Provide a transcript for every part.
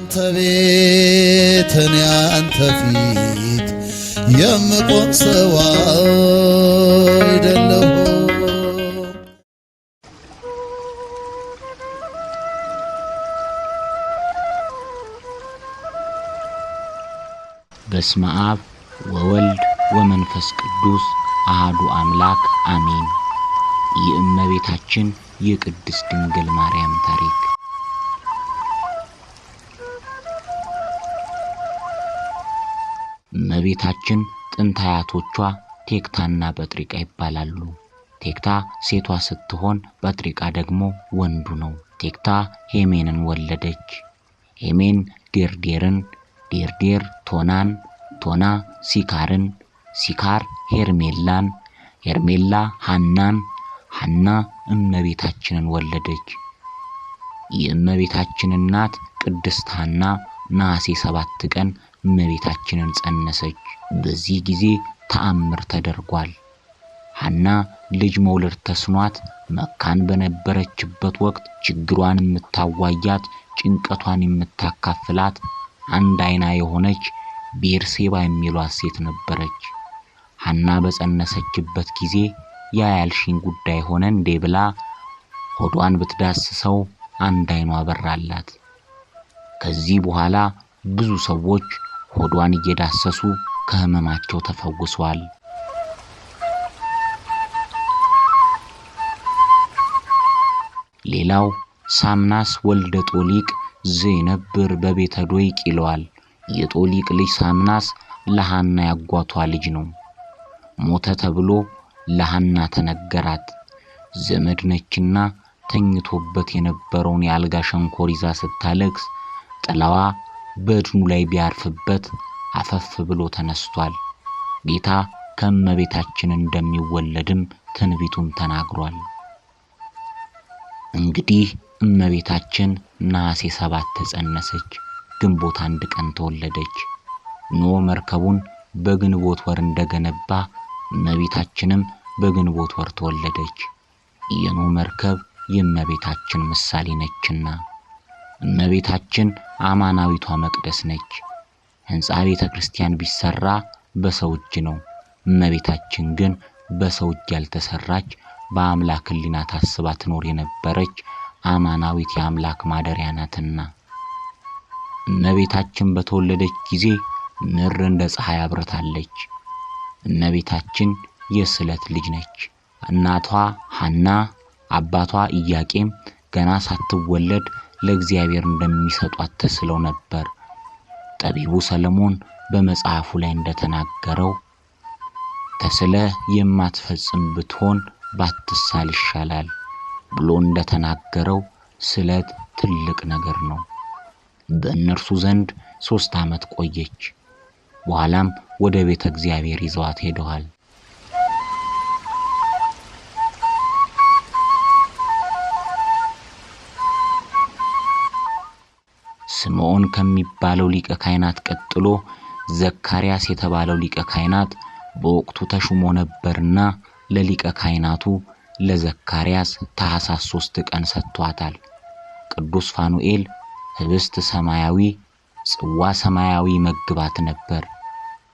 አንተ ቤት እኔ አንተ ፊት የምቆም ሰው አይደለሁ። በስመ አብ ወወልድ ወመንፈስ ቅዱስ አህዱ አምላክ አሜን። የእመቤታችን የቅድስት ድንግል ማርያም ታሪክ እመቤታችን ጥንት አያቶቿ ቴክታና በጥሪቃ ይባላሉ። ቴክታ ሴቷ ስትሆን በጥሪቃ ደግሞ ወንዱ ነው። ቴክታ ሄሜንን ወለደች። ሄሜን ዴርዴርን፣ ዴርዴር ቶናን፣ ቶና ሲካርን፣ ሲካር ሄርሜላን፣ ሄርሜላ ሃናን፣ ሃና እመቤታችንን ወለደች። የእመቤታችን እናት ቅድስት ሃና ነሐሴ ሰባት ቀን እመቤታችንን ጸነሰች። በዚህ ጊዜ ተአምር ተደርጓል። ሐና ልጅ መውለድ ተስኗት መካን በነበረችበት ወቅት ችግሯን የምታዋያት ጭንቀቷን የምታካፍላት አንድ አይና የሆነች ቤርሴባ የሚሏት ሴት ነበረች። ሐና በጸነሰችበት ጊዜ ያ ጉዳይ ሆነ እንዴ ብላ ሆዷን ብትዳስሰው አንድ አይኗ በራላት። ከዚህ በኋላ ብዙ ሰዎች ሆዷን እየዳሰሱ ከህመማቸው ተፈውሰዋል። ሌላው ሳምናስ ወልደ ጦሊቅ ዘይነብር በቤተ ዶይቅ ይለዋል። የጦሊቅ ልጅ ሳምናስ ለሐና ያጓቷ ልጅ ነው። ሞተ ተብሎ ለሐና ተነገራት። ዘመድ ነችና ተኝቶበት የነበረውን የአልጋ ሸንኮር ይዛ ስታለቅስ ጥላዋ በእድኑ ላይ ቢያርፍበት አፈፍ ብሎ ተነስቷል። ጌታ ከእመቤታችን እንደሚወለድም ትንቢቱን ተናግሯል። እንግዲህ እመቤታችን ነሐሴ ሰባት ተጸነሰች፣ ግንቦት አንድ ቀን ተወለደች። ኖ መርከቡን በግንቦት ወር እንደገነባ እመቤታችንም በግንቦት ወር ተወለደች። የኖ መርከብ የእመቤታችን ምሳሌ ነችና እመቤታችን አማናዊቷ መቅደስ ነች። ሕንፃ ቤተ ክርስቲያን ቢሰራ በሰው እጅ ነው። እመቤታችን ግን በሰው እጅ ያልተሰራች በአምላክ ሕሊና ታስባ ትኖር የነበረች አማናዊት የአምላክ ማደሪያ ናትና እመቤታችን በተወለደች ጊዜ ምር እንደ ፀሐይ አብርታለች። እመቤታችን የስለት ልጅ ነች። እናቷ ሐና አባቷ ኢያቄም ገና ሳትወለድ ለእግዚአብሔር እንደሚሰጧት ተስለው ነበር። ጠቢቡ ሰለሞን በመጽሐፉ ላይ እንደተናገረው ተስለ የማትፈጽም ብትሆን ባትሳል ይሻላል ብሎ እንደተናገረው ስለት ትልቅ ነገር ነው። በእነርሱ ዘንድ ሦስት ዓመት ቆየች። በኋላም ወደ ቤተ እግዚአብሔር ይዘዋት ሄደዋል። ስምዖን ከሚባለው ሊቀ ካህናት ቀጥሎ ዘካርያስ የተባለው ሊቀ ካህናት በወቅቱ ተሹሞ ነበርና ለሊቀ ካህናቱ ለዘካርያስ ታኅሳስ ሶስት ቀን ሰጥቷታል። ቅዱስ ፋኑኤል ህብስት ሰማያዊ፣ ጽዋ ሰማያዊ መግባት ነበር።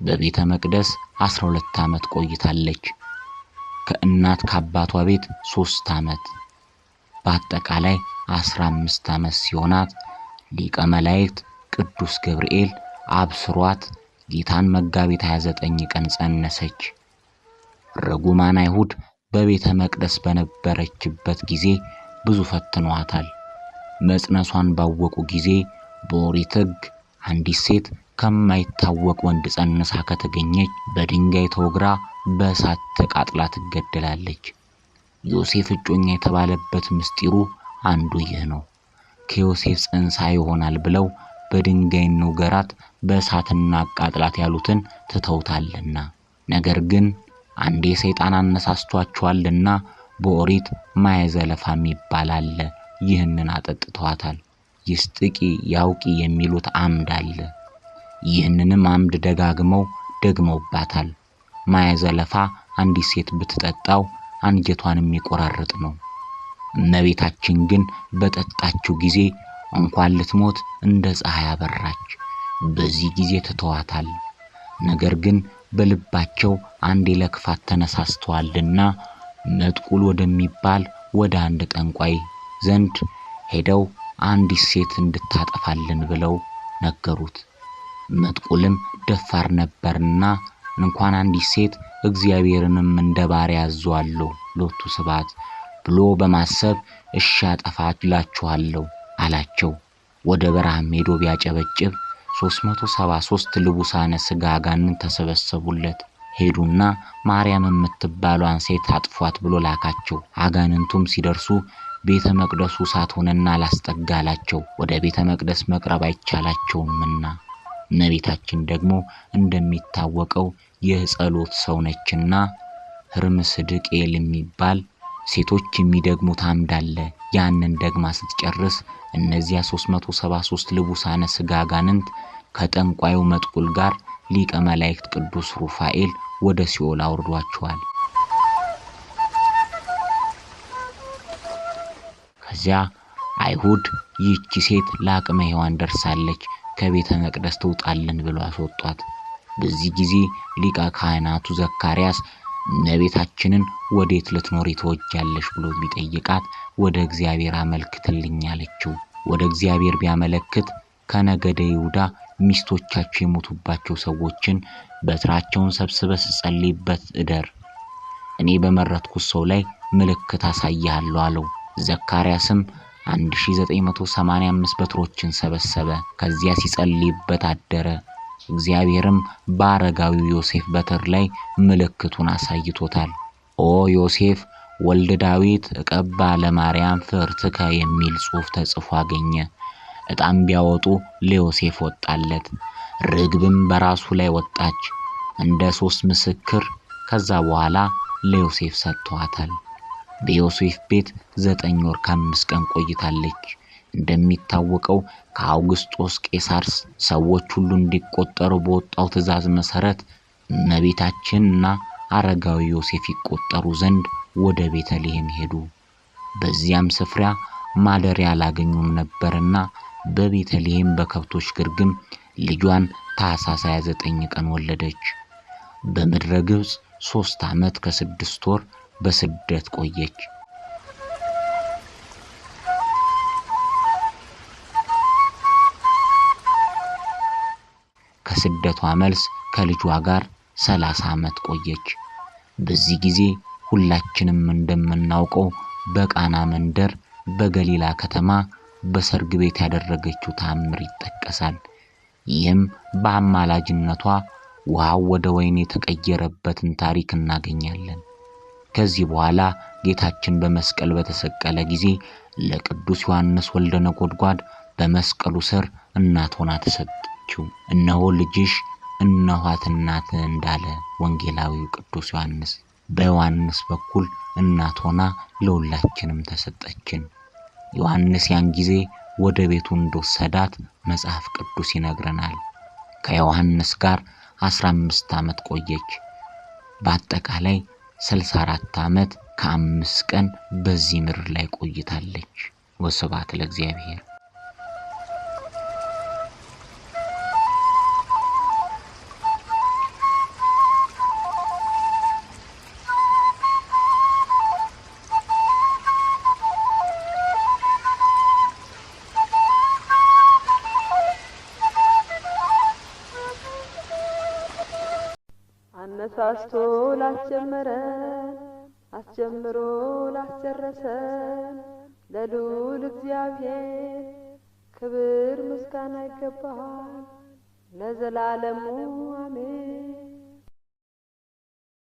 በቤተ መቅደስ 12 ዓመት ቆይታለች። ከእናት ከአባቷ ቤት 3 ዓመት በአጠቃላይ 15 ዓመት ሲሆናት ሊቀ መላእክት ቅዱስ ገብርኤል አብስሯት ጌታን መጋቢት 29 ቀን ጸነሰች። ርጉማን አይሁድ በቤተ መቅደስ በነበረችበት ጊዜ ብዙ ፈትኗታል። መጽነሷን ባወቁ ጊዜ በኦሪት ሕግ አንዲት ሴት ከማይታወቅ ወንድ ጸንሳ ከተገኘች በድንጋይ ተወግራ በእሳት ተቃጥላ ትገደላለች። ዮሴፍ እጮኛ የተባለበት ምስጢሩ አንዱ ይህ ነው። ከዮሴፍ ጽንሳ ይሆናል ብለው በድንጋይ እንውገራት በእሳት አቃጥላት ያሉትን ትተውታልና። ነገር ግን አንዴ ሰይጣን አነሳስቷቸዋልና በኦሪት ማየዘለፋም ይባላል። ይህንን አጠጥተዋታል። ይስጥቂ ያውቂ የሚሉት አምድ አለ። ይህንንም አምድ ደጋግመው ደግመውባታል። ማየዘለፋ አንዲት ሴት ብትጠጣው አንጀቷንም የሚቆራርጥ ነው። እመቤታችን ግን በጠጣችው ጊዜ እንኳን ልትሞት እንደ ፀሐይ አበራች። በዚህ ጊዜ ትተዋታል። ነገር ግን በልባቸው አንዴ ለክፋት ተነሳስተዋልና መጥቁል ወደሚባል ወደ አንድ ጠንቋይ ዘንድ ሄደው አንዲት ሴት እንድታጠፋልን ብለው ነገሩት። መጥቁልም ደፋር ነበርና እንኳን አንዲት ሴት እግዚአብሔርንም እንደ ባሪያ አዟለሁ ሎቱ ስብሐት ብሎ በማሰብ እሺ አጠፋላችኋለሁ አላቸው። ወደ በረሃም ሄዶ ቢያጨበጭብ 373 ልቡሳነ ስጋ አጋንንት ተሰበሰቡለት። ሄዱና ማርያም የምትባሏን ሴት አጥፏት ብሎ ላካቸው። አጋንንቱም ሲደርሱ ቤተ መቅደሱ እሳት ሆነና ላስጠጋ አላቸው። ወደ ቤተ መቅደስ መቅረብ አይቻላቸውምና እመቤታችን ደግሞ እንደሚታወቀው የጸሎት ሰው ነችና ኤል የሚባል ሴቶች የሚደግሙት አምድ አለ። ያንን ደግማ ስትጨርስ እነዚያ 373 ልቡሳነ ስጋ አጋንንት ከጠንቋዩ መጥቁል ጋር ሊቀ መላእክት ቅዱስ ሩፋኤል ወደ ሲኦል አውርዷቸዋል። ከዚያ አይሁድ ይህቺ ሴት ለአቅመ ሔዋን ደርሳለች ከቤተ መቅደስ ትውጣልን ብሎ አስወጧት። በዚህ ጊዜ ሊቀ ካህናቱ ዘካርያስ እመቤታችንን ወዴት ልትኖሪ ትወጃለሽ ብሎ ቢጠይቃት ወደ እግዚአብሔር አመልክትልኝ አለችው። ወደ እግዚአብሔር ቢያመለክት ከነገደ ይሁዳ ሚስቶቻቸው የሞቱባቸው ሰዎችን በትራቸውን ሰብስበ ስጸልይበት እደር፣ እኔ በመረጥኩት ሰው ላይ ምልክት አሳይሃለሁ አለው። ዘካርያስም 1985 በትሮችን ሰበሰበ። ከዚያ ሲጸልይበት አደረ። እግዚአብሔርም በአረጋዊው ዮሴፍ በትር ላይ ምልክቱን አሳይቶታል። ኦ ዮሴፍ ወልድ ዳዊት እቀባ ለማርያም ፍርትከ የሚል ጽሑፍ ተጽፎ አገኘ። ዕጣም ቢያወጡ ለዮሴፍ ወጣለት፣ ርግብም በራሱ ላይ ወጣች። እንደ ሶስት ምስክር ከዛ በኋላ ለዮሴፍ ሰጥተዋታል። በዮሴፍ ቤት ዘጠኝ ወር ከአምስት ቀን ቆይታለች። እንደሚታወቀው ከአውግስጦስ ቄሳር ሰዎች ሁሉ እንዲቆጠሩ በወጣው ትእዛዝ መሰረት እመቤታችንና አረጋዊ ዮሴፍ ይቆጠሩ ዘንድ ወደ ቤተልሔም ሄዱ። በዚያም ስፍራ ማደሪያ አላገኙም ነበርና በቤተልሔም በከብቶች ግርግም ልጇን ታኅሳስ 29 ቀን ወለደች። በምድረ ግብፅ ሦስት ዓመት ከስድስት ወር በስደት ቆየች። ከስደቷ መልስ ከልጇ ጋር ሰላሳ ዓመት ቆየች። በዚህ ጊዜ ሁላችንም እንደምናውቀው በቃና መንደር በገሊላ ከተማ በሰርግ ቤት ያደረገችው ታምር ይጠቀሳል። ይህም በአማላጅነቷ ውሃው ወደ ወይን የተቀየረበትን ታሪክ እናገኛለን። ከዚህ በኋላ ጌታችን በመስቀል በተሰቀለ ጊዜ ለቅዱስ ዮሐንስ ወልደ ነጎድጓድ በመስቀሉ ስር እናት ሆና አለችው። እነሆ ልጅሽ እነኋት እናት እንዳለ ወንጌላዊው ቅዱስ ዮሐንስ በዮሐንስ በኩል እናት ሆና ለሁላችንም ተሰጠችን። ዮሐንስ ያን ጊዜ ወደ ቤቱ እንደወሰዳት መጽሐፍ ቅዱስ ይነግረናል። ከዮሐንስ ጋር 15 ዓመት ቆየች። በአጠቃላይ 64 ዓመት ከአምስት ቀን በዚህ ምድር ላይ ቆይታለች። ወስብሐት ለእግዚአብሔር። አነሳስቶ ላስጀመረን አስጀምሮ ላስጨረሰን ለልዑል እግዚአብሔር ክብር ምስጋና ይገባል ለዘላለሙ አሜን።